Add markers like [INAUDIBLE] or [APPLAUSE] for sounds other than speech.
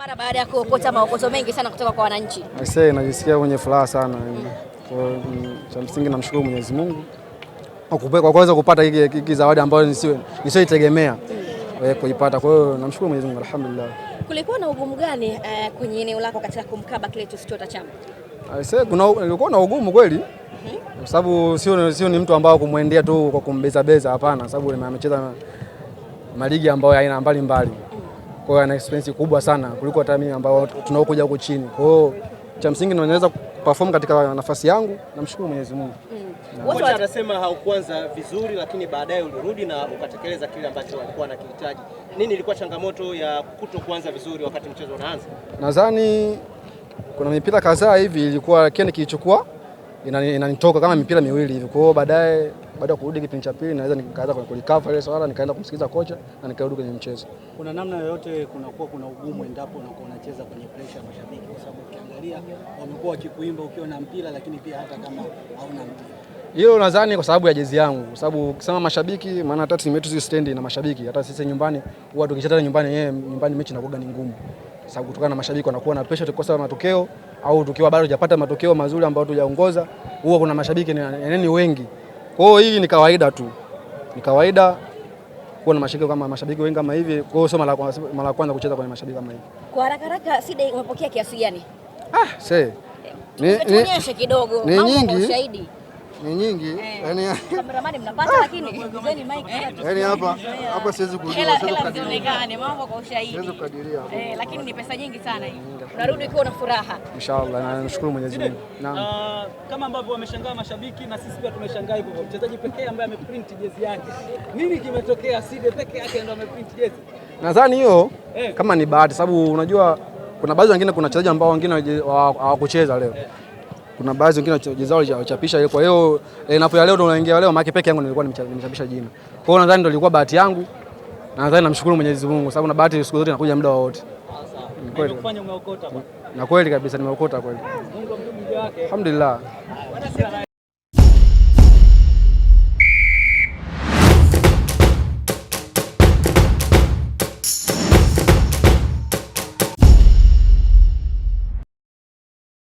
Mara baada ya kuokota maokoto mengi sana kutoka kwa wananchi. Aisee, najisikia mwenye furaha sana. mm. Cha msingi namshukuru Mwenyezi Mungu kwa kuweza kupata hiki zawadi ambayo nisioitegemea eh, kuipata. Kwa hiyo namshukuru Mwenyezi Mungu alhamdulillah. Kulikuwa na ugumu gani uh, kwenye eneo lako katika kumkaba Clatous Chota Chama? kuna ilikuwa na ugumu kweli mhm. kwa sababu sio sio ni mtu ambaye kumwendea tu kwa kumbeza beza, hapana, sababu amecheza maligi ambayo aina mbalimbali mbali. Kwa hiyo ana experience kubwa sana kuliko hata mimi ambao tunaokuja huko chini. Kwa hiyo cha msingi naweza perform katika nafasi yangu, namshukuru Mwenyezi Mungu. Kocha mm. anasema haukuanza vizuri, lakini baadaye ulirudi na ukatekeleza kile ambacho walikuwa nakihitaji. Nini ilikuwa changamoto ya kuto kuanza vizuri wakati mchezo unaanza? Nadhani kuna mipira kadhaa hivi ilikuwa kile kilichokuwa inanitoka ina kama mipira miwili hivi, kwa hiyo baadaye baada ya kurudi kipindi cha pili naweza nikaanza kulikava ile swala, nikaenda kumsikiza kocha na nikarudi kwenye mchezo. Kuna namna yoyote kunakuwa kuna ugumu endapo unakuwa unacheza kwenye pressure mashabiki, kwa sababu ukiangalia wamekuwa wakikuimba ukiwa na mpira, lakini pia hata kama hauna mpira hilo nadhani kwa sababu ya jezi yangu, kwa sababu ukisema mashabiki, maana hata timu yetu sisi stendi na mashabiki. Hata sisi nyumbani huwa tukicheza nyumbani, yeye nyumbani mechi inakuwa ni ngumu, kwa sababu kutokana na mashabiki wanakuwa na pressure, tukikosa matokeo au tukiwa bado hujapata matokeo mazuri ambayo tujaongoza, huwa kuna mashabiki ni wengi kwa hiyo hii ni kawaida tu, ni kawaida kuwa na mashabiki kama mashabiki wengi kama hivi. Kwa hiyo sio mara ya kwanza kucheza kwenye mashabiki kama hivi. Kwa haraka haraka, Sida umepokea kiasi gani? Ah, se ni, ni, tuonyeshe kidogo, ni nyingi ni nyingi eh. yani, [LAUGHS] yaani hapa eh. hapa siwezi kujua, siwezi kukadiria, eh, lakini ni pesa nyingi sana hiyo unarudi ukiwa na furaha inshallah, na nashukuru Mwenyezi Mungu. Naam, uh, kama ambavyo wameshangaa mashabiki na sisi pia tumeshangaa hivyo, mchezaji pekee ambaye ameprint jezi yake, nini kimetokea? Side pekee yake ndio ameprint jezi. Nadhani hiyo eh, kama ni bahati, sababu unajua kuna baadhi wengine, kuna wachezaji ambao wengine hawakucheza leo eh kuna baadhi wengine wachezaji wao walichapisha ile. Kwa hiyo eh, napo ya leo ndo naingia leo, maana peke yangu nilikuwa nimechapisha jina. Kwa hiyo nadhani ndo ilikuwa bahati yangu, na nadhani namshukuru Mwenyezi Mungu, sababu na bahati siku zote inakuja muda wote. Na kweli kabisa nimeokota kweli, alhamdulillah.